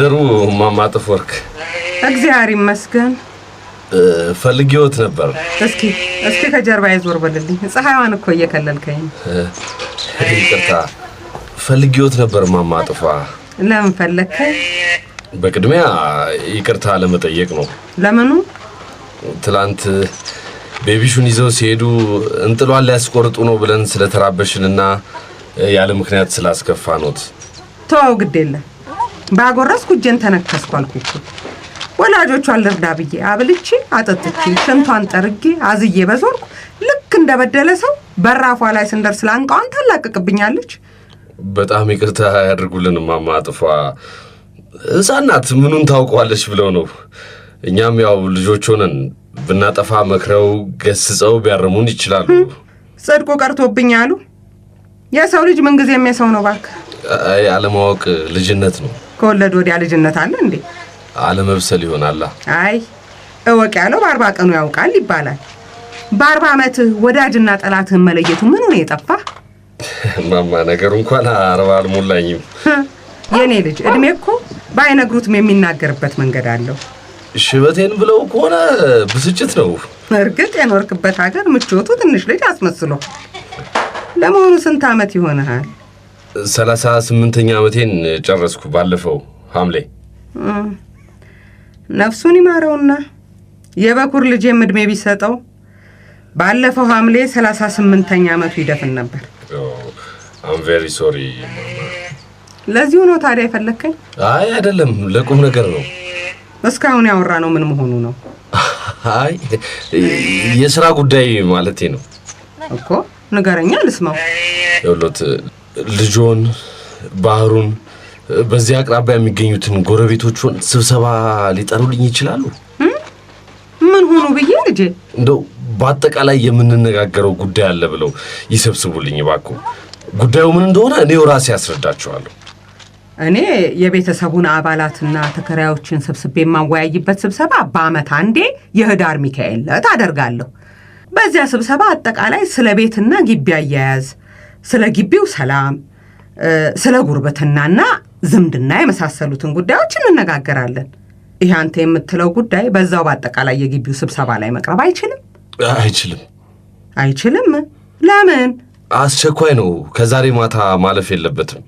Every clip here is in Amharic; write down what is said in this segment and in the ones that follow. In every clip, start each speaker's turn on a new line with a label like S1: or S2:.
S1: ደህና ደሩ እማማ ጥፍወርቅ።
S2: እግዚአብሔር ይመስገን።
S1: ፈልጌዎት ነበር።
S2: እስኪ እስኪ ከጀርባ ይዞር በልልኝ፣ ፀሐይዋን እኮ እየከለልከኝ።
S1: ይቅርታ፣ ፈልጌዎት ነበር እማማ ጥፏ።
S2: ለምን ፈለግከኝ?
S1: በቅድሚያ ይቅርታ ለመጠየቅ ነው። ለምኑ? ትላንት ቤቢሹን ይዘው ሲሄዱ እንጥሏን ሊያስቆርጡ ነው ብለን ስለተራበሽንና ያለ ምክንያት ስላስከፋኖት።
S2: ተዋው፣ ግድ የለም ባጎረስኩ እጄን ተነከስኩ አልኩ እኮ ወላጆቿን ልርዳ ብዬ አብልቼ አጠጥቼ ሽንቷን ጠርጌ አዝዬ በዞርኩ ልክ እንደበደለ ሰው በራፏ ላይ ስንደርስ ላንቃዋን ታላቅቅብኛለች።
S1: በጣም ይቅርታ ያድርጉልን እማማ አጥፏ። ህፃናት ምኑን ታውቀዋለች ብለው ነው። እኛም ያው ልጆች ሆነን ብናጠፋ መክረው ገስጸው ቢያርሙን ይችላሉ።
S2: ጽድቁ ቀርቶብኝ አሉ። የሰው ልጅ ምንጊዜም የሰው ነው። እባክህ
S1: አለማወቅ ልጅነት ነው።
S2: ከወለድ ወዲያ ልጅነት አለ እንዴ?
S1: አለመብሰል ይሆናላ።
S2: አይ እወቅ ያለው በአርባ ቀኑ ያውቃል ይባላል። በአርባ ዓመትህ ወዳጅና ጠላትህን መለየቱ ምን ሆነ የጠፋ?
S1: ማማ ነገሩ እንኳን አርባ አልሞላኝም።
S2: የእኔ ልጅ እድሜ እኮ ባይነግሩትም የሚናገርበት መንገድ አለው።
S1: ሽበቴን ብለው ከሆነ ብስጭት ነው።
S2: እርግጥ የኖርክበት ሀገር ምቾቱ ትንሽ ልጅ አስመስሎ። ለመሆኑ ስንት ዓመት ይሆንሃል?
S1: ሰላሳ ስምንተኛ ዓመቴን ጨረስኩ ባለፈው ሐምሌ።
S2: ነፍሱን ይማረውና የበኩር ልጄም ዕድሜ ቢሰጠው ባለፈው ሐምሌ ሰላሳ ስምንተኛ ዓመቱ ይደፍን ነበር።
S1: አም ቬሪ ሶሪ።
S2: ለዚሁ ነው ታዲያ የፈለግከኝ?
S1: አይ አይደለም፣ ለቁም ነገር ነው።
S2: እስካሁን ያወራ ነው ምን መሆኑ ነው?
S1: አይ የስራ ጉዳይ ማለቴ ነው
S2: እኮ። ንገረኛ ልስማው።
S1: ልጆን፣ ባህሩን፣ በዚህ አቅራቢያ የሚገኙትን ጎረቤቶቹን ስብሰባ ሊጠሩልኝ ይችላሉ።
S2: ምን ሆኖ ብዬ ልጅ
S1: እንደው በአጠቃላይ የምንነጋገረው ጉዳይ አለ ብለው ይሰብስቡልኝ ባኩ። ጉዳዩ ምን እንደሆነ እኔው ራሴ ያስረዳቸዋለሁ።
S2: እኔ የቤተሰቡን አባላትና ተከራዮችን ሰብስቤ የማወያይበት ስብሰባ በአመት አንዴ የህዳር ሚካኤል ዕለት አደርጋለሁ። በዚያ ስብሰባ አጠቃላይ ስለ ቤትና ግቢ አያያዝ ስለ ግቢው ሰላም፣ ስለ ጉርብትናና ዝምድና የመሳሰሉትን ጉዳዮች እንነጋገራለን። ይህ አንተ የምትለው ጉዳይ በዛው በአጠቃላይ የግቢው ስብሰባ ላይ መቅረብ አይችልም? አይችልም። አይችልም? ለምን?
S1: አስቸኳይ ነው። ከዛሬ ማታ ማለፍ የለበትም።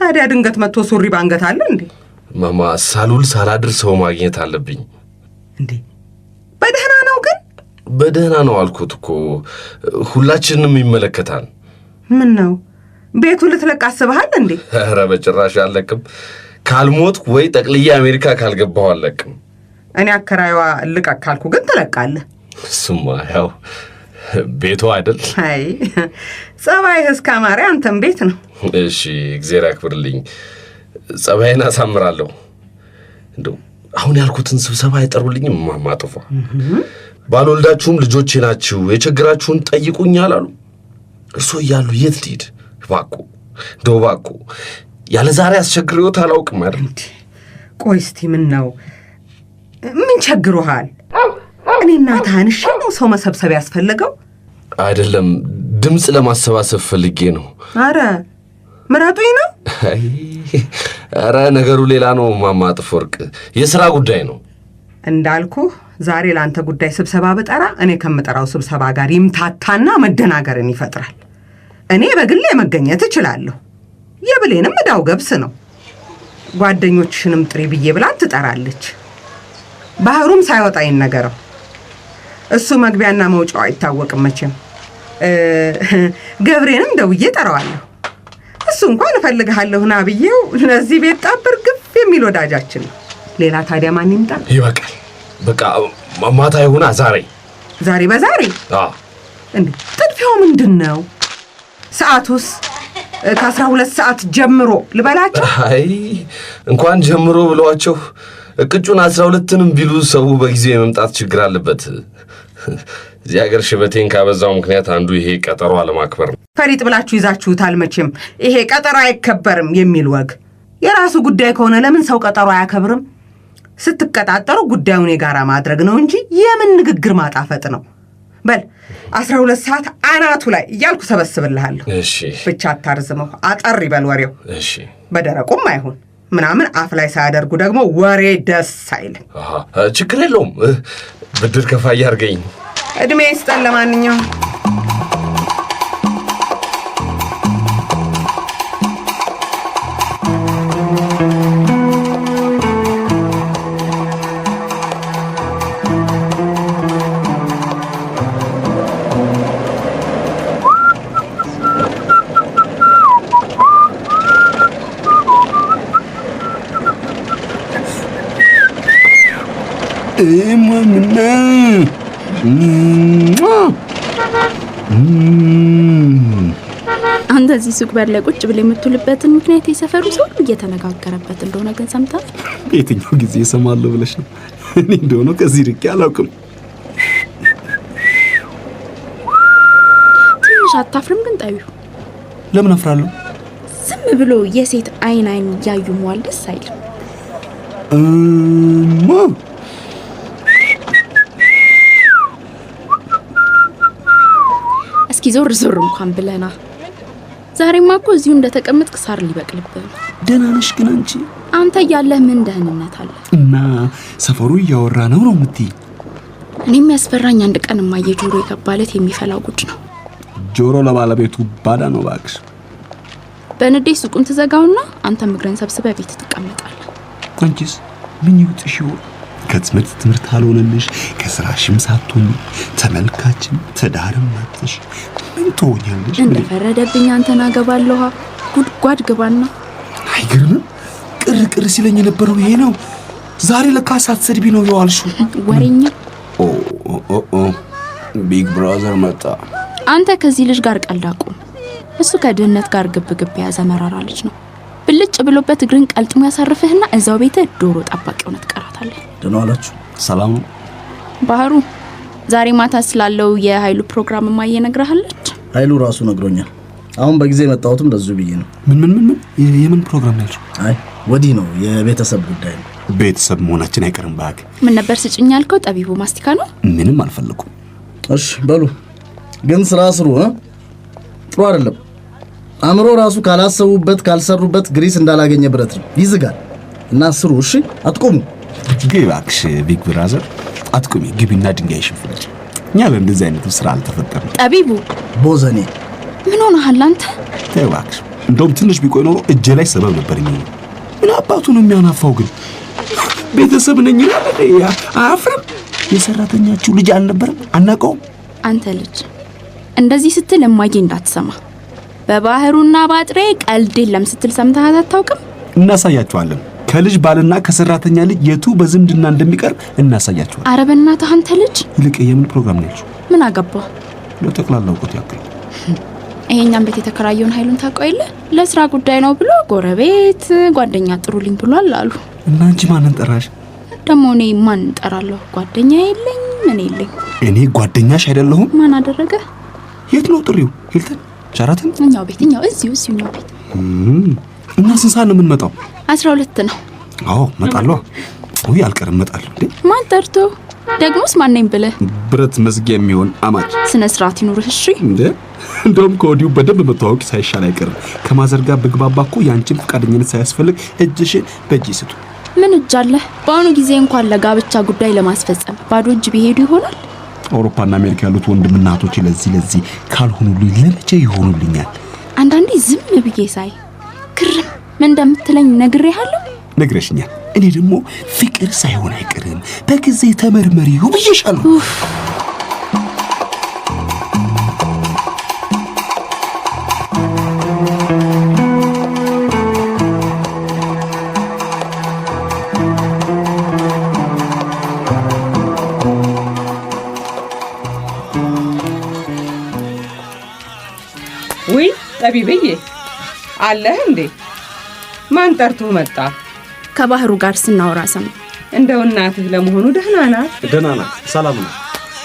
S2: ታዲያ ድንገት መጥቶ ሱሪ ባንገት አለ እንዴ?
S1: ማማ ሳሉል ሳላድር ሰው ማግኘት አለብኝ።
S2: እንዴ በደህና ነው ግን?
S1: በደህና ነው አልኩት እኮ ሁላችንም ይመለከታል።
S2: ምን ነው ቤቱ ልትለቅ አስበሃል እንዴ?
S1: ኧረ በጭራሽ አለቅም። ካልሞትኩ ወይ ጠቅልዬ አሜሪካ ካልገባሁ አለቅም።
S2: እኔ አከራዩዋ ልቀቅ ካልኩ ግን ትለቃለህ።
S1: እሱማ ያው ቤቱ አይደል?
S2: አይ ጸባይህ እስከ አማሪ አንተም ቤት ነው።
S1: እሺ እግዜር ያክብርልኝ። ጸባይን አሳምራለሁ። እንደው አሁን ያልኩትን ስብሰባ አይጠሩልኝ ማማጥፏ ባልወልዳችሁም ልጆቼ ናችሁ የችግራችሁን ጠይቁኝ አላሉ እርስዎ እያሉ የት ልሂድ? ባቁ እንደው እባክዎ ያለ ዛሬ አስቸግሬዎት አላውቅም አይደል?
S2: ቆይ እስቲ ምን ነው ምን ቸግሮሃል? እኔና ታንሽ ነው ሰው መሰብሰብ ያስፈለገው?
S1: አይደለም ድምፅ ለማሰባሰብ ፈልጌ ነው።
S2: አረ ምረጡኝ ነው?
S1: አረ ነገሩ ሌላ ነው። ማማጥፍ ወርቅ የስራ ጉዳይ ነው
S2: እንዳልኩህ ዛሬ ለአንተ ጉዳይ ስብሰባ ብጠራ እኔ ከምጠራው ስብሰባ ጋር ይምታታና መደናገርን ይፈጥራል። እኔ በግሌ መገኘት እችላለሁ። የብሌንም እዳው ገብስ ነው። ጓደኞችሽንም ጥሪ ብዬ ብላን ትጠራለች። ባህሩም ሳይወጣ ይነገረው። እሱ መግቢያና መውጫው አይታወቅም። መቼም ገብሬንም ደውዬ ጠራዋለሁ። እሱ እንኳን እፈልግሃለሁ ና ብዬው ለዚህ ቤት ጣብር ግፍ የሚል ወዳጃችን ነው። ሌላ ታዲያ ማን ይምጣል?
S1: ይበቃል። በቃ ማታ ይሁና። ዛሬ
S2: ዛሬ በዛሬ እንዴ ጥድፊያው ምንድን ነው? ሰዓቱስ ከአስራ ሁለት ሰዓት ጀምሮ ልበላቸው?
S1: አይ እንኳን ጀምሮ ብለዋቸው እቅጩን አስራ ሁለትንም ቢሉ ሰው በጊዜ የመምጣት ችግር አለበት። እዚህ ሀገር ሽበቴን ካበዛው ምክንያት አንዱ ይሄ ቀጠሮ አለማክበር ነው።
S2: ፈሪጥ ብላችሁ ይዛችሁታል። መቼም ይሄ ቀጠሮ አይከበርም የሚል ወግ የራሱ ጉዳይ ከሆነ ለምን ሰው ቀጠሮ አያከብርም? ስትቀጣጠሩ ጉዳዩን የጋራ ማድረግ ነው እንጂ የምን ንግግር ማጣፈጥ ነው። በል አስራ ሁለት ሰዓት አናቱ ላይ እያልኩ ሰበስብልሃለሁ። ብቻ አታርዝመው፣ አጠር ይበል ወሬው። በደረቁም አይሁን ምናምን አፍ ላይ ሳያደርጉ ደግሞ ወሬ ደስ አይልም።
S1: ችግር የለውም ብድር ከፋ እያርገኝ
S2: እድሜ ይስጠን። ለማንኛውም እንደዚህ ሱቅ በር ላይ ቁጭ ብላ የምትውልበትን ምክንያት የሰፈሩ ሰው እየተነጋገረበት እንደሆነ ግን ሰምተናል።
S1: በየትኛው ጊዜ እሰማለሁ ብለሽ ነው? እኔ እንደሆነ ከዚህ ርቄ አላውቅም።
S2: ትንሽ አታፍርም ግን ጠቢው? ለምን አፍራለሁ? ዝም ብሎ የሴት አይን አይን እያዩ መዋል ደስ አይልም።
S1: እማ
S2: እስኪ ዞር ዞር እንኳን ብለና ዛሬማ እኮ እዚሁ እንደተቀመጥክ ሳር ሊበቅልብህ ነው።
S1: ደህና ነሽ ግን አንቺ?
S2: አንተ እያለህ ምን ደህንነት አለ?
S1: እና ሰፈሩ እያወራ ነው ነው የምትይ?
S2: እኔም ያስፈራኝ አንድ ቀን ማየ ጆሮ የገባለት የሚፈላ ጉድ ነው።
S1: ጆሮ ለባለቤቱ ባዳ ነው እባክሽ።
S2: በንዴት ሱቁን ትዘጋውና አንተ ምግረን ሰብስበ ቤት ትቀመጣለህ።
S1: አንቺስ ምን ይውጥሽ ይሆን? ከትምህርት ትምህርት አልሆነልሽ፣ ከስራሽም ሳትሆን ተመልካችም ተዳርም አጥተሽ ምን ትሆኛለሽ?
S2: እንደፈረደብኝ አንተን አገባለኋ። ጉድጓድ ግባና።
S1: አይገርምም? ቅር ቅር ሲለኝ የነበረው ይሄ ነው። ዛሬ ለካ ሳትሰድቢ ነው የዋልሽው። ወሬኛ ቢግ ብራዘር መጣ።
S2: አንተ ከዚህ ልጅ ጋር ቀልዳቁ። እሱ ከድህነት ጋር ግብ ግብ የያዘ መራራ ልጅ ነው። ብልጭ ብሎበት እግርን ቀልጥሞ ያሳርፍህና እዛው ቤተ ዶሮ ጠባቂ ሆነ ትቀራታለህ።
S1: ደህና ዋላችሁ? ሰላም
S2: ባህሩ። ዛሬ ማታ ስላለው የኃይሉ ፕሮግራም ማየ
S1: ኃይሉ ራሱ ነግሮኛል። አሁን በጊዜ የመጣሁትም ለዙ ብዬ ነው። ምን ምን ምን የምን ፕሮግራም ያልሽው? አይ ወዲህ ነው፣ የቤተሰብ ጉዳይ ነው። ቤተሰብ መሆናችን አይቀርም። ባክ
S2: ምን ነበር ስጭኝ ያልከው? ጠቢቡ ማስቲካ ነው።
S1: ምንም አልፈለኩም። እሺ በሉ ግን ስራ ስሩ። ጥሩ አይደለም። አእምሮ ራሱ ካላሰቡበት ካልሰሩበት ግሪስ እንዳላገኘ ብረት ነው፣ ይዝጋል። እና ስሩ። እሺ አትቁሙ። ግባክሽ ቢግ ብራዘር፣ አትቁሚ። ግቢና ድንጋይ ሽፍለች እኛ ለእንደዚህ አይነቱ ስራ አልተፈጠረም። ጠቢቡ ቦዘኔ
S2: ምን ሆነሃል አንተ?
S1: ተይ እባክሽ። እንደውም ትንሽ ቢቆይ ኖሮ እጄ ላይ ሰበብ ነበር የሚሆ ምን አባቱ ነው የሚያናፋው? ግን ቤተሰብ ነኝ አያፍርም። የሰራተኛችሁ ልጅ አልነበረም? አናውቀውም።
S2: አንተ ልጅ እንደዚህ ስትል እማዬ እንዳትሰማ። በባህሩና በአጥሬ ቀልድ የለም ስትል ሰምተሃት አታውቅም?
S1: እናሳያችኋለን። ከልጅ ባልና ከሰራተኛ ልጅ የቱ በዝምድና እንደሚቀርብ እናሳያቸዋል።
S2: ኧረ በእናትህ አንተ ልጅ!
S1: ይልቅ የምን ፕሮግራም ነው? ምን አገባ? ለጠቅላላ እውቀቱ ያክል
S2: ይሄኛም ቤት የተከራየውን ኃይሉን ታውቀው የለ ለስራ ጉዳይ ነው ብሎ ጎረቤት ጓደኛ ጥሩልኝ ብሏል አሉ
S1: እና አንቺ ማንን ጠራሽ?
S2: ደግሞ እኔ ማን ጠራለሁ? ጓደኛ የለኝ ምን የለኝ።
S1: እኔ ጓደኛሽ አይደለሁም። ማን አደረገ? የት ነው ጥሪው? ሂልተን፣ ሸራተን፣
S2: እኛው ቤት፣ እኛው እዚሁ እዚሁ እኛው ቤት
S1: እና ስንት ሰዓት ነው የምንመጣው?
S2: አስራ ሁለት ነው።
S1: አዎ እመጣለሁ። ውይ አልቀርም፣ እመጣለሁ። እንዴ
S2: ማን ጠርቶ? ደግሞስ ማን ነኝ ብለህ
S1: ብረት መዝጊያ የሚሆን አማች።
S2: ስነ ስርዓት ይኑርህ። እሺ።
S1: እንዴ እንደውም ከወዲሁ በደንብ መተዋወቅ ሳይሻል አይቀርም። ከማዘር ጋር ብግባባ እኮ የአንቺን ፈቃደኝነት ሳያስፈልግ እጅሽን በእጅ ስጡ።
S2: ምን እጅ አለ? በአሁኑ ጊዜ እንኳን ለጋብቻ ጉዳይ ለማስፈጸም ባዶ እጅ ቢሄዱ ይሆናል።
S1: አውሮፓና አሜሪካ ያሉት ወንድምና እህቶቼ ለዚህ ለዚህ ካልሆኑልኝ ለመቼ ይሆኑልኛል?
S2: አንዳንዴ ዝም ብዬ ሳይ ምን እንደምትለኝ ነግሬሃለሁ።
S1: ነግረሽኛል። እኔ ደግሞ ፍቅር ሳይሆን አይቀርም በጊዜ ተመርመሪው ብዬሻለሁ።
S2: አለህ እንዴ? ማን ጠርቶ መጣ? ከባህሩ ጋር ስናወራ ሰማ። እንደው እናትህ ለመሆኑ ደህና ናት?
S1: ደህና ናት፣ ሰላም ናት።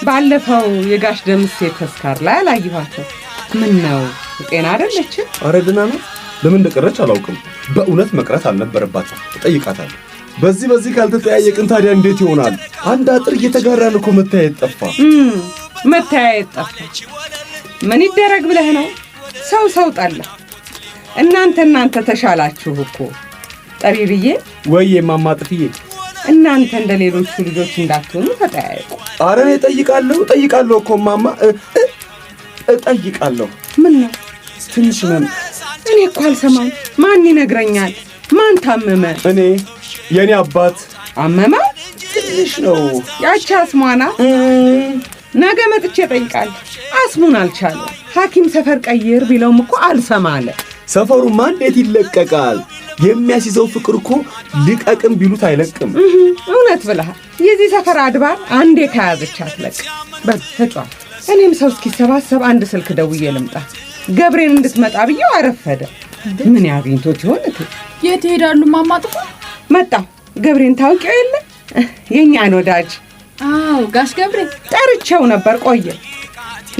S2: ባለፈው የጋሽ ደምሴ ተስካር ላይ አላየኋቸው። ምን ነው ጤና አይደለችም?
S1: አረ ደህና ናት። ለምን እንደቀረች አላውቅም። በእውነት መቅረት አልነበረባትም። እጠይቃታለሁ። በዚህ በዚህ ካልተጠያየቅን ታዲያ እንዴት ይሆናል? አንድ አጥር እየተጋራን እኮ መተያየት ጠፋ።
S2: መተያየት ጠፋ። ምን ይደረግ ብለህ ነው ሰው ሰው ጠላ እናንተ እናንተ ተሻላችሁ እኮ ጠቢብዬ፣
S1: ወይ የማማጥፍዬ፣
S2: እናንተ እንደ ሌሎቹ ልጆች እንዳትሆኑ ተጠያየቁ።
S1: አረ እኔ እጠይቃለሁ እጠይቃለሁ እኮ ማማ እጠይቃለሁ። ምን ነው ትንሽ መም
S2: እኔ እኮ አልሰማም። ማን ይነግረኛል? ማን ታመመ?
S1: እኔ የእኔ አባት አመመ። ትንሽ ነው
S2: ያቺ አስሟና። ነገ መጥቼ እጠይቃለሁ። አስሙን አልቻለም። ሐኪም ሰፈር ቀይር ቢለውም እኮ አልሰማ አለ።
S1: ሰፈሩ እንዴት ይለቀቃል? የሚያስይዘው ፍቅር እኮ ልቀቅም ቢሉት አይለቅም።
S2: እውነት ብለሃል። የዚህ ሰፈር አድባር አንዴ ከያዘች አትለቅም። ተጫ፣ እኔም ሰው እስኪሰባሰብ አንድ ስልክ ደውዬ ልምጣ። ገብሬን እንድትመጣ ብዬው አረፈደ።
S1: ምን ያግኝቶት ይሆን?
S2: የት ይሄዳሉ? ማማጥፎ መጣ። ገብሬን ታውቂው የለ የእኛን ወዳጅ። አዎ ጋሽ ገብሬ ጠርቼው ነበር፣ ቆየ።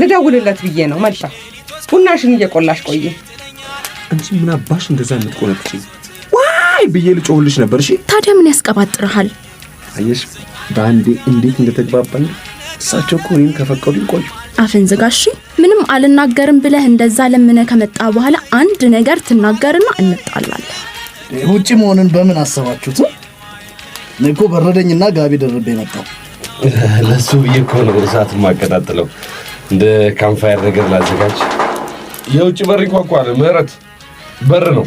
S2: ልደውልለት ብዬ ነው መጣ። ቡናሽን እየቆላሽ ቆየ
S1: አንቺ ምን አባሽ እንደዛ የምትቆነጥጪኝ? ዋይ ብዬ ልጮህልሽ ነበር። እሺ
S2: ታዲያ ምን ያስቀባጥረሃል?
S1: አየሽ በአንዴ እንዴት እንደተግባባን። እሳቸው እኮ እኔን ከፈቀዱ ይቆዩ።
S2: አፍን ዝጋ እሺ። ምንም አልናገርም ብለህ እንደዛ ለምነ ከመጣ በኋላ አንድ ነገር ትናገርና እንጣላለን።
S1: ውጭ መሆንን በምን አሰባችሁት? እኔ እኮ በረደኝና ጋቢ ደርቤ መጣሁ። ለሱ ብዬ እኮ ነው እሳት ማቀጣጥለው። እንደ ካምፋየር ነገር ላዘጋጅ። የውጭ በር ይንኳኳል። ምህረት በር ነው።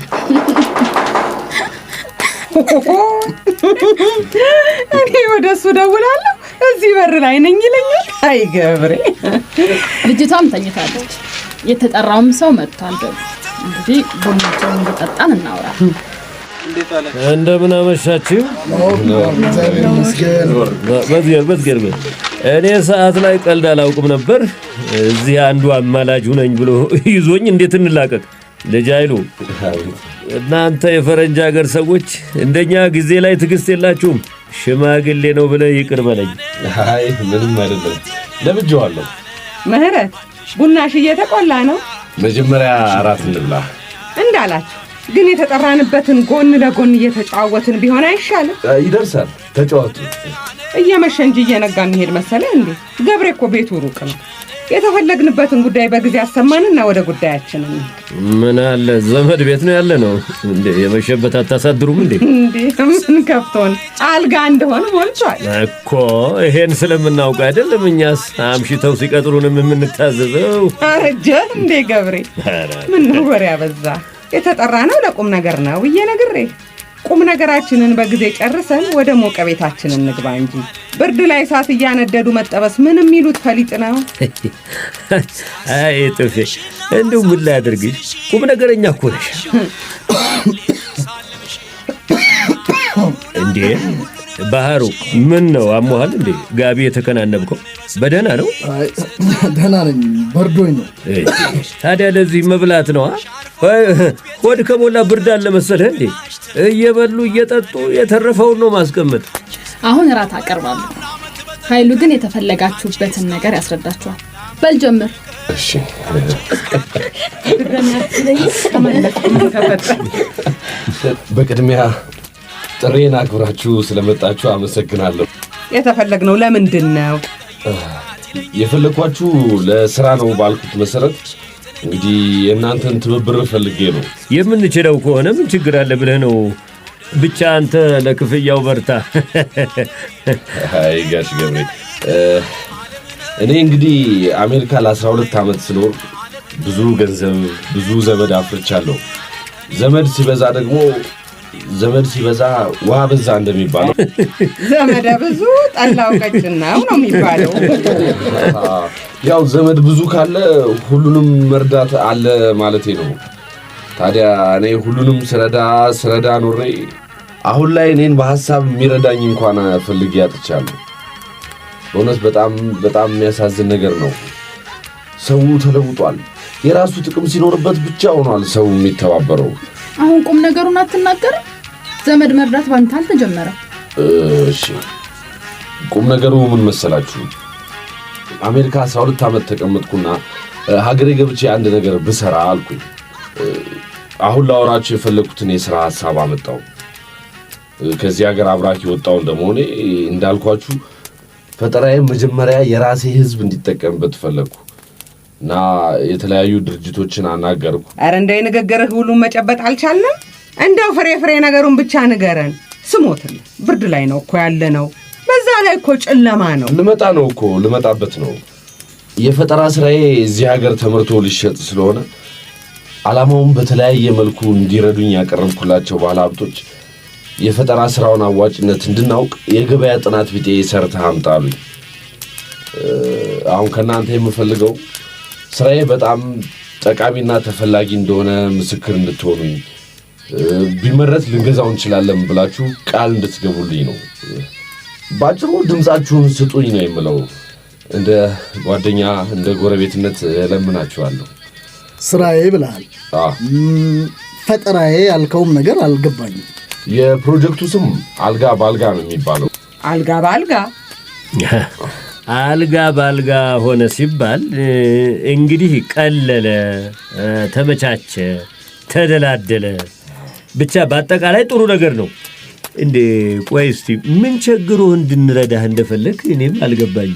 S2: እኔ ወደ እሱ ደውላለሁ። እዚህ በር ላይ ነኝ ይለኛል። አይ ገብሬ። ልጅቷም ተኝታለች። የተጠራውም ሰው መጥቷል። እንግዲህ ቡናቸውን እንደጠጣን እናውራ።
S1: እንደምን አመሻችሁ። እኔ ሰዓት ላይ ቀልድ አላውቅም ነበር። እዚህ አንዱ አማላጅ ሁነኝ ብሎ ይዞኝ እንዴት እንላቀቅ ልጅ አይሉ እናንተ የፈረንጅ ሀገር ሰዎች እንደኛ ጊዜ ላይ ትዕግስት የላችሁም። ሽማግሌ ነው ብለ ይቅር በለኝ። አይ ምንም አይደለም፣ ለምጄዋለሁ።
S2: ምህረት ቡናሽ እየተቆላ ነው።
S1: መጀመሪያ አራት እንብላ
S2: እንዳላችሁ ግን የተጠራንበትን ጎን ለጎን እየተጫወትን ቢሆን አይሻልም?
S1: ይደርሳል። ተጫወቱ።
S2: እየመሸ እንጂ እየነጋ እንሄድ መሰለህ እንዴ? ገብሬ እኮ ቤቱ ሩቅ ነው። የተፈለግንበትን ጉዳይ በጊዜ አሰማንና ወደ ጉዳያችን
S1: ምን አለ ዘመድ ቤት ነው ያለ ነው እንዴ? የመሸበት አታሳድሩም እንዴ?
S2: ምን ከፍቶን አልጋ እንደሆነ ሞልቷል
S1: እኮ። ይሄን ስለምናውቅ አይደለም እኛስ አምሽተው ሲቀጥሩንም የምንታዘዘው።
S2: አረጀ እንዴ ገብሬ? ምን ወሬ አበዛ። የተጠራ ነው ለቁም ነገር ነው ብዬ ነግሬ ቁም ነገራችንን በጊዜ ጨርሰን ወደ ሞቀ ቤታችን እንግባ እንጂ ብርድ ላይ እሳት እያነደዱ መጠበስ ምን የሚሉት ፈሊጥ ነው?
S1: አይ ጥፌ፣ እንዲሁ ምን ላይ አድርግሽ? ቁም ነገረኛ እኮ ነሽ እንዴ! ባህሩ ምን ነው አሞሃል እንዴ? ጋቢ የተከናነብከው በደህና ነው? ደህና ነኝ፣ በርዶኝ ነው። ታዲያ ለዚህ መብላት ነዋ። ሆድ ከሞላ ብርድ አለ መሰለህ እንዴ? እየበሉ እየጠጡ የተረፈውን ነው ማስቀመጥ።
S2: አሁን እራት አቀርባለሁ። ኃይሉ ግን የተፈለጋችሁበትን ነገር ያስረዳችኋል። በል ጀምር።
S1: በቅድሚያ ጥሬን አክብራችሁ ስለመጣችሁ አመሰግናለሁ።
S2: የተፈለግነው ለምንድን ነው?
S1: የፈለግኳችሁ ለስራ ነው ባልኩት መሰረት እንግዲህ የእናንተን ትብብር ፈልጌ ነው። የምንችለው ከሆነ ምን ችግር አለ ብለህ ነው። ብቻ አንተ ለክፍያው በርታ። አይ ጋሽ ገብሬ፣ እኔ እንግዲህ አሜሪካ ለ12 ዓመት ስኖር ብዙ ገንዘብ ብዙ ዘመድ አፍርቻለሁ። ዘመድ ሲበዛ ደግሞ ዘመድ ሲበዛ ውሃ በዛ እንደሚባለው
S2: ዘመድ ብዙ ጠላው ነው የሚባለው።
S1: ያው ዘመድ ብዙ ካለ ሁሉንም መርዳት አለ ማለት ነው። ታዲያ እኔ ሁሉንም ስረዳ ስረዳ ኖሬ አሁን ላይ እኔን በሀሳብ የሚረዳኝ እንኳን ፈልጌ አጥቻለሁ። በእውነት በጣም በጣም የሚያሳዝን ነገር ነው። ሰው ተለውጧል። የራሱ ጥቅም ሲኖርበት ብቻ ሆኗል ሰው የሚተባበረው።
S2: አሁን ቁም ነገሩን አትናገር። ዘመድ መርዳት ባንተ አልተጀመረም።
S1: እሺ ቁም ነገሩ ምን መሰላችሁ? አሜሪካ አስራ ሁለት ዓመት ተቀመጥኩና ሀገሬ ገብቼ አንድ ነገር ብሰራ አልኩኝ። አሁን ላወራችሁ የፈለግኩትን የሥራ ሐሳብ አመጣው። ከዚህ ሀገር አብራክ የወጣው እንደመሆኔ እንዳልኳችሁ ፈጠራዬን መጀመሪያ የራሴ ሕዝብ እንዲጠቀምበት ፈለግኩ። እና የተለያዩ ድርጅቶችን አናገርኩ።
S2: አረ እንደ ንግግርህ ሁሉም መጨበጥ አልቻለም። እንደው ፍሬ ፍሬ ነገሩን ብቻ ንገረን። ስሞትን ብርድ ላይ ነው እኮ ያለ ነው። በዛ ላይ እኮ ጨለማ ነው።
S1: ልመጣ ነው እኮ ልመጣበት ነው። የፈጠራ ስራዬ እዚህ ሀገር ተመርቶ ሊሸጥ ስለሆነ ዓላማውን በተለያየ መልኩ እንዲረዱኝ ያቀረብኩላቸው ባለ ሀብቶች የፈጠራ ስራውን አዋጭነት እንድናውቅ የገበያ ጥናት ቢጤ ሰርተህ አምጣሉኝ። አሁን ከእናንተ የምፈልገው ስራዬ በጣም ጠቃሚና ተፈላጊ እንደሆነ ምስክር እንድትሆኑኝ ቢመረት ልንገዛው እንችላለን ብላችሁ ቃል እንድትገቡልኝ ነው። በአጭሩ ድምፃችሁን ስጡኝ ነው የምለው። እንደ ጓደኛ እንደ ጎረቤትነት እለምናችኋለሁ።
S2: ስራዬ ብለሃል። ፈጠራዬ ያልከውም ነገር አልገባኝም።
S1: የፕሮጀክቱ ስም አልጋ በአልጋ ነው የሚባለው።
S2: አልጋ በአልጋ
S1: አልጋ ባልጋ ሆነ ሲባል እንግዲህ ቀለለ፣ ተመቻቸ፣ ተደላደለ ብቻ በአጠቃላይ ጥሩ ነገር ነው። እንዴ ቆይ እስቲ ምን ቸግሮህ እንድንረዳህ እንደፈለግ እኔም አልገባኝ።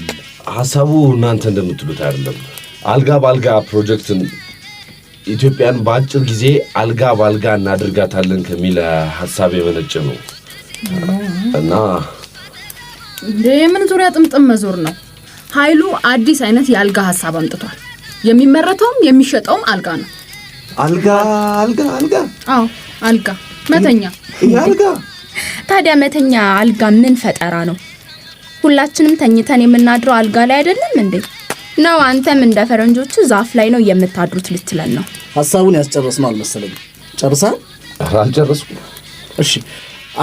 S1: ሀሳቡ እናንተ እንደምትሉት አይደለም። አልጋ ባልጋ ፕሮጀክትን ኢትዮጵያን በአጭር ጊዜ አልጋ ባልጋ እናድርጋታለን ከሚል ሀሳብ የመነጨ ነው እና
S2: እንደ የምን ዙሪያ ጥምጥም መዞር ነው ኃይሉ አዲስ አይነት የአልጋ ሀሳብ አምጥቷል። የሚመረተውም የሚሸጠውም አልጋ ነው።
S1: አልጋ አልጋ አልጋ።
S2: አዎ አልጋ መተኛ አልጋ። ታዲያ መተኛ አልጋ ምን ፈጠራ ነው? ሁላችንም ተኝተን የምናድረው አልጋ ላይ አይደለም እንዴ? ነው አንተም እንደ ፈረንጆቹ ዛፍ ላይ ነው የምታድሩት ልትለን ነው?
S1: ሀሳቡን ያስጨረስነው አልመሰለኝ። ጨርሳ አልጨረስኩም። እሺ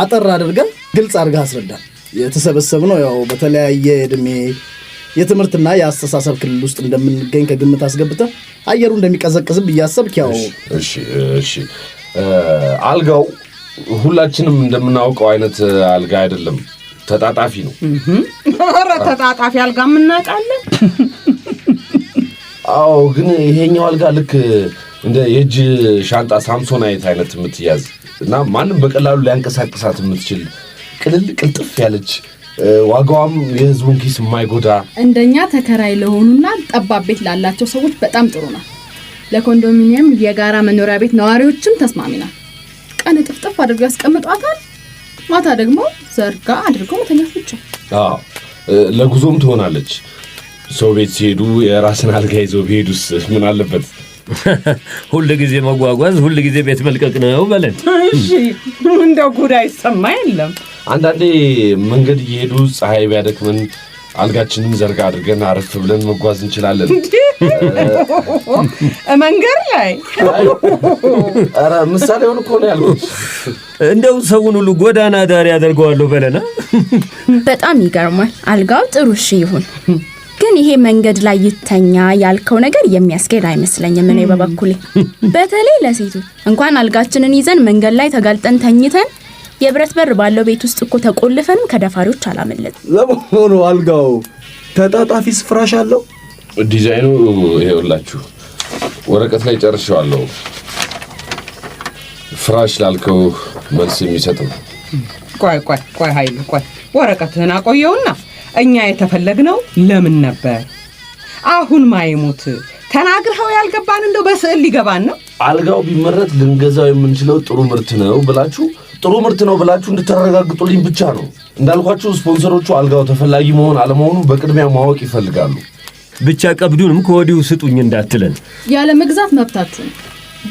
S1: አጠር አድርገን ግልጽ አድርገህ አስረዳን። የተሰበሰብነው ያው በተለያየ እድሜ የትምህርትና የአስተሳሰብ ክልል ውስጥ እንደምንገኝ ከግምት አስገብተ አየሩ እንደሚቀዘቅዝም እያሰብክ ያው አልጋው ሁላችንም እንደምናውቀው አይነት አልጋ አይደለም። ተጣጣፊ ነው።
S2: ኧረ ተጣጣፊ አልጋ የምናጣለን።
S1: አዎ፣ ግን ይሄኛው አልጋ ልክ እንደ የእጅ ሻንጣ ሳምሶን ሳምሶናይት አይነት የምትያዝ እና ማንም በቀላሉ ሊያንቀሳቅሳት የምትችል ቅልል ቅልጥፍ ያለች ዋጋዋም የህዝቡን ኪስ የማይጎዳ
S2: እንደኛ ተከራይ ለሆኑና ጠባብ ቤት ላላቸው ሰዎች በጣም ጥሩ ነው። ለኮንዶሚኒየም የጋራ መኖሪያ ቤት ነዋሪዎችም ተስማሚ ነው። ቀን ጥፍጥፍ አድርገው ያስቀምጧታል፣ ማታ ደግሞ ዘርጋ አድርገው መተኛት ብቻ።
S1: ለጉዞም ትሆናለች። ሰው ቤት ሲሄዱ የራስን አልጋ ይዘው ቢሄዱስ ምን አለበት? ሁል ጊዜ መጓጓዝ፣ ሁል ጊዜ ቤት መልቀቅ ነው በለን።
S2: እንደ ጉዳይ ይሰማ የለም
S1: አንዳንዴ መንገድ እየሄዱ ፀሐይ ቢያደክመን አልጋችንን ዘርጋ አድርገን አረፍ ብለን መጓዝ እንችላለን።
S2: መንገድ ላይ
S1: ምሳሌ ሆን እኮ ነው እንደው ሰውን ሁሉ ጎዳና ዳሪ ያደርገዋለሁ በለና።
S2: በጣም ይገርማል። አልጋው ጥሩ ሺ ይሁን፣ ግን ይሄ መንገድ ላይ ይተኛ ያልከው ነገር የሚያስኬድ አይመስለኝም። እኔ በበኩሌ በተለይ ለሴቱ እንኳን አልጋችንን ይዘን መንገድ ላይ ተጋልጠን ተኝተን የብረት በር ባለው ቤት ውስጥ እኮ ተቆልፈንም ከደፋሪዎች አላመለጥ።
S1: ለመሆኑ አልጋው ተጣጣፊ ስፍራሽ አለው? ዲዛይኑ ይኸውላችሁ ወረቀት ላይ ጨርሼዋለሁ። ፍራሽ ላልከው መልስ የሚሰጥ ነው።
S2: ቆይ ቆይ ቆይ ኃይሉ ቆይ ወረቀትህን አቆየውና እኛ የተፈለግነው ለምን ነበር? አሁን ማይሞት ተናግርኸው ያልገባን እንደው በስዕል ሊገባን ነው።
S1: አልጋው ቢመረት ልንገዛው የምንችለው ጥሩ ምርት ነው ብላችሁ ጥሩ ምርት ነው ብላችሁ እንድታረጋግጡልኝ ብቻ ነው። እንዳልኳችሁ ስፖንሰሮቹ አልጋው ተፈላጊ መሆን አለመሆኑ በቅድሚያ ማወቅ ይፈልጋሉ። ብቻ ቀብዱንም ከወዲሁ ስጡኝ እንዳትለን።
S2: ያለ መግዛት መብታችሁ ነው፣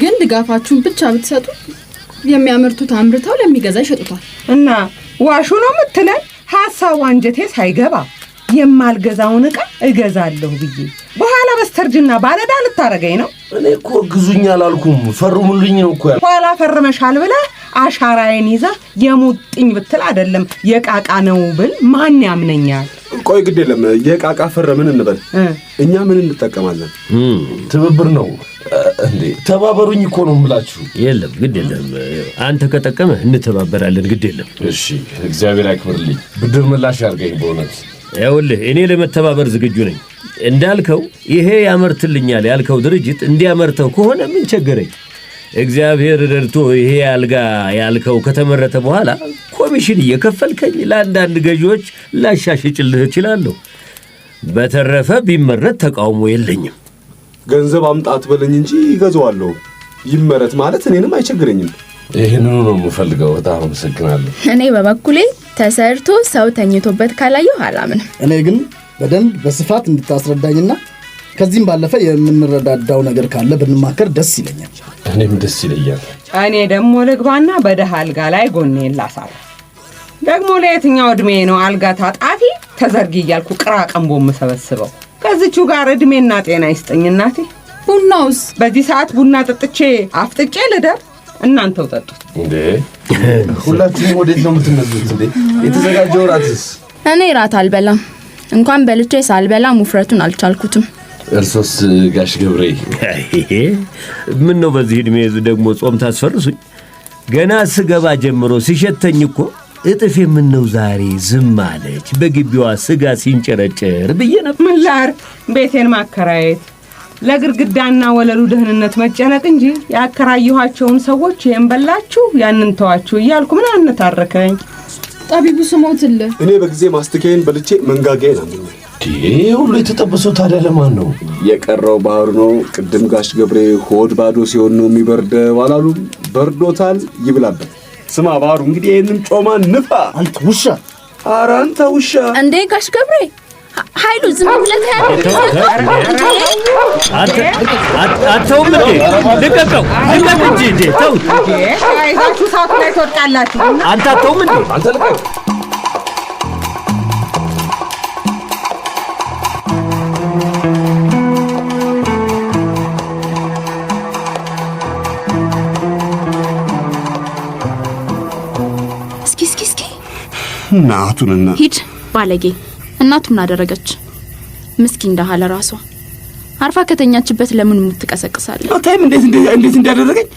S2: ግን ድጋፋችሁን ብቻ ብትሰጡ የሚያመርቱት አምርተው ለሚገዛ ይሸጡታል። እና ዋሹ ነው የምትለን ሀሳቡ አንጀቴ ሳይገባ የማልገዛውን ዕቃ እገዛለሁ ብዬ በኋላ በስተርጅና ባለዳ ልታረገኝ ነው።
S1: እኔ እኮ ግዙኝ አላልኩም ፈርሙልኝ ነው እኮ
S2: ኋላ ፈርመሻል ብለህ አሻራዬን ይዛ የሙጥኝ ብትል አይደለም የቃቃ ነው ብል ማን ያምነኛል?
S1: ቆይ ግድ የለም የቃቃ ፈረ ምን እንበል እኛ ምን እንጠቀማለን? ትብብር ነው እንዴ? ተባበሩኝ እኮ ነው ምላችሁ። የለም ግድ የለም አንተ ከጠቀመ እንተባበራለን። ግድ የለም እሺ፣ እግዚአብሔር ያክብርልኝ። ብድር ምላሽ ያርገኝ በእውነት ይኸውልህ እኔ ለመተባበር ዝግጁ ነኝ። እንዳልከው ይሄ ያመርትልኛል ያልከው ድርጅት እንዲያመርተው ከሆነ ምን ቸገረኝ? እግዚአብሔር ረድቶ ይሄ አልጋ ያልከው ከተመረተ በኋላ ኮሚሽን እየከፈልከኝ ለአንዳንድ ገዢዎች ላሻሽጭልህ እችላለሁ። በተረፈ ቢመረት ተቃውሞ የለኝም። ገንዘብ አምጣት በለኝ እንጂ ይገዛዋለሁ። ይመረት ማለት እኔንም አይቸግረኝም። ይህንኑ ነው የምፈልገው። በጣም አመሰግናለሁ።
S2: እኔ በበኩሌ ተሰርቶ ሰው ተኝቶበት ካላየሁ አላምንም።
S1: እኔ ግን በደንብ በስፋት እንድታስረዳኝና ከዚህም ባለፈ የምንረዳዳው ነገር ካለ ብንማከር ደስ ይለኛል። እኔም ደስ ይለኛል።
S2: እኔ ደግሞ ልግባና በደሃ አልጋ ላይ ጎኔን ላሳር። ደግሞ ለየትኛው እድሜ ነው አልጋ ታጣፊ ተዘርጊ እያልኩ ቅራ ቀንቦ የምሰበስበው? ከዚቹ ጋር እድሜና ጤና ይስጠኝ እናቴ። ቡናውስ በዚህ ሰዓት ቡና ጠጥቼ አፍጥጬ ልደር። እናንተው ጠጡት
S1: እንዴ! ሁላችሁም ወዴት ነው የምትነዙት የተዘጋጀው ራትስ?
S2: እኔ ራት አልበላም። እንኳን በልቼ ሳልበላ ውፍረቱን አልቻልኩትም።
S1: እርሶስ ጋሽ ገብሬ? ምን ነው በዚህ ዕድሜ ደግሞ ጾም ታስፈርሱኝ? ገና ስገባ ጀምሮ ሲሸተኝ እኮ እጥፍ የምነው ዛሬ ዝም አለች በግቢዋ ስጋ ሲንጨረጭር ብዬ ነበር። ምን ላር ቤቴን ማከራየት ለግርግዳና ወለሉ ደህንነት መጨነቅ እንጂ ያከራየኋቸውን ሰዎች ይህን በላችሁ ያንን ተዋችሁ እያልኩ ምን አነታረከኝ።
S2: ጠቢቡ ስሞትልህ
S1: እኔ በጊዜ ማስትካዬን በልቼ መንጋጋዬን አሙኛል። ይህ ሁሉ የተጠበሰው ታዲያ ለማን ነው የቀረው? ባህር ነው። ቅድም ጋሽ ገብሬ ሆድ ባዶ ሲሆን ነው የሚበርደው አላሉም? በርዶታል፣ ይብላበት። ስማ ባህሩ፣ እንግዲህ ይህንን ጮማ ንፋ። አንተ ውሻ! ኧረ አንተ ውሻ!
S2: እንዴ ጋሽ ገብሬ ኃይሉ ዝም ብለህ
S1: አተውም እንዴ? ልቀቀው፣ ልቀቅ እንጂ እንዴ! ተውት።
S2: አይዛችሁ ላይ ትወድቃላችሁ።
S1: አንተ አተውም እንዴ? አንተ ልቀቅ እናቱንና
S2: ሂድ ባለጌ። እናቱ ምን አደረገች? ምስኪን ደሃ ለራሷ አርፋ ከተኛችበት ለምን የምትቀሰቅሳለህ?
S1: አታይም እንዴት እንዴት እንዴት እንዲያደረገኝ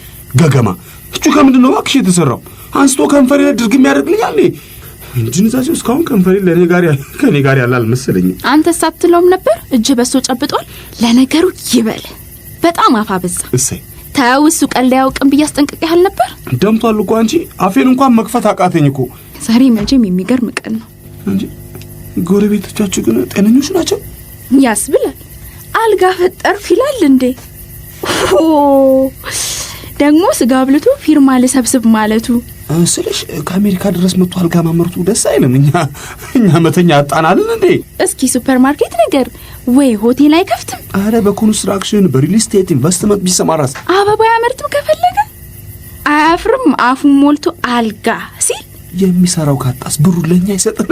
S1: ገገማ። እቹ ከምንድን ነው እባክሽ የተሰራው? አንስቶ ከንፈሬ ላይ ድርግም ያደርግልኛል። እንጅንዛቸው እስካሁን ከንፈሬ ለኔ ጋር ከኔ ጋር ያለ አልመሰለኝም።
S2: አንተ ሳትለውም ነበር እጅህ በሶ ጨብጧል። ለነገሩ ይበል በጣም አፋ በዛ። እሰይ ተው፣ እሱ ቀልድ አያውቅም ብዬ አስጠንቅቄ ያህል ነበር።
S1: ደምቷል እኮ አንቺ አፌን እንኳን መክፈት አቃተኝ እኮ
S2: ዛሬ መቼም የሚገርም ቀን ነው
S1: እንጂ ጎረቤቶቻችሁ ግን ጤነኞች ናቸው
S2: ያስብላል። አልጋ ፈጠር ይላል እንዴ! ደግሞ ስጋ ብልቶ ፊርማ ልሰብስብ ማለቱ
S1: ስልሽ ከአሜሪካ ድረስ መጥቶ አልጋ ማመርቱ ደስ አይልም። እኛ እኛ መተኛ አጣናልን እንዴ!
S2: እስኪ ሱፐር ማርኬት ነገር ወይ ሆቴል አይከፍትም?
S1: አረ በኮንስትራክሽን በሪል ስቴት ኢንቨስትመንት ቢሰማራስ?
S2: አበባ ያመርትም ከፈለገ አያፍርም። አፉን ሞልቶ አልጋ ሲል
S1: የሚሰራው ካጣስ ብሩ ለኛ አይሰጥም።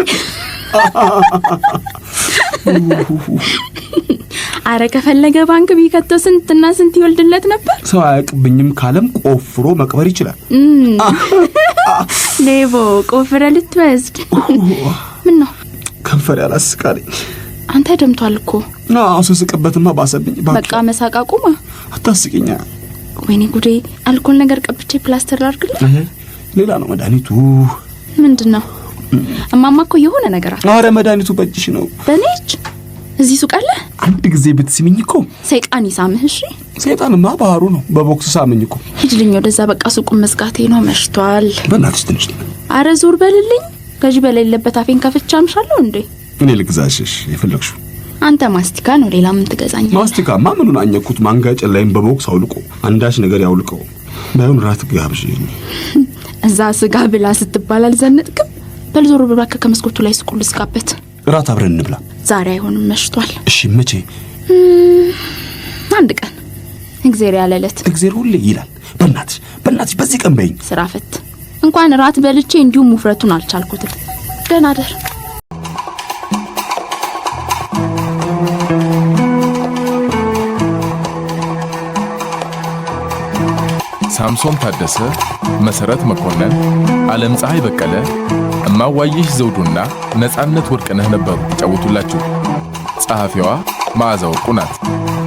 S2: አረ ከፈለገ ባንክ ቢከተው ስንትና ስንት ይወልድለት ነበር።
S1: ሰው አያውቅብኝም ካለም ቆፍሮ መቅበር ይችላል።
S2: ሌቦ ቆፍረ ልትወስድ ምን ነው
S1: ከንፈር ያላስቃለኝ።
S2: አንተ ደምቷል እኮ
S1: ስስቅበትማ ባሰብኝ።
S2: በቃ መሳቅ አቁማ አታስቂኛ። ወይኔ ጉዴ! አልኮል ነገር ቀብቼ ፕላስተር ላድርግልህ።
S1: ሌላ ነው መድኃኒቱ።
S2: ምንድን ነው? እማማ እኮ የሆነ ነገር አለ።
S1: አረ መድኃኒቱ በእጅሽ ነው።
S2: በእኔ እጅ? እዚህ ሱቅ አለ።
S1: አንድ ጊዜ ብትስሚኝ እኮ
S2: ሰይጣን ይሳምህ። እሺ
S1: ሰይጣንማ ባህሩ ነው። በቦክስ ሳምኝ እኮ።
S2: ሂድልኝ ወደዛ። በቃ ሱቁን መዝጋቴ ነው። መሽቷል። በእናትሽ ትንሽ። አረ ዞር በልልኝ። ገዢ በሌለበት አፌን ከፍቻ አምሻለሁ እንዴ?
S1: እኔ ልግዛሽሽ የፈለግሽው
S2: አንተ ማስቲካ ነው። ሌላ ምን ትገዛኝ?
S1: ማስቲካ ማ ምኑን አኘኩት? ማንጋጨን ላይም በቦክስ አውልቆ አንዳች ነገር ያውልቀው። ባይሆን ራት ጋብዥኝ። እዛ ስጋ ብላ ስትባል አልዘነጥክም? በል ዞሮ ከመስኮቱ ላይ ስቁል ስጋበት። እራት አብረን እንብላ። ዛሬ አይሆንም፣ መሽቷል። እሺ መቼ? አንድ ቀን። እግዜር ያለለት። እግዜር ሁሌ ይላል። በእናትሽ በእናትሽ በዚህ ቀን በይኝ። ስራ ፈት እንኳን እራት በልቼ እንዲሁም ውፍረቱን አልቻልኩትም። ደህና ደር ሳምሶን ታደሰ፣ መሰረት መኮንን፣ ዓለም ፀሐይ በቀለ፣ እማዋይሽ ዘውዱና ነፃነት ወርቅነህ ነበሩ ይጫወቱላችሁ። ጸሐፊዋ መዓዛ ወርቁ ናት።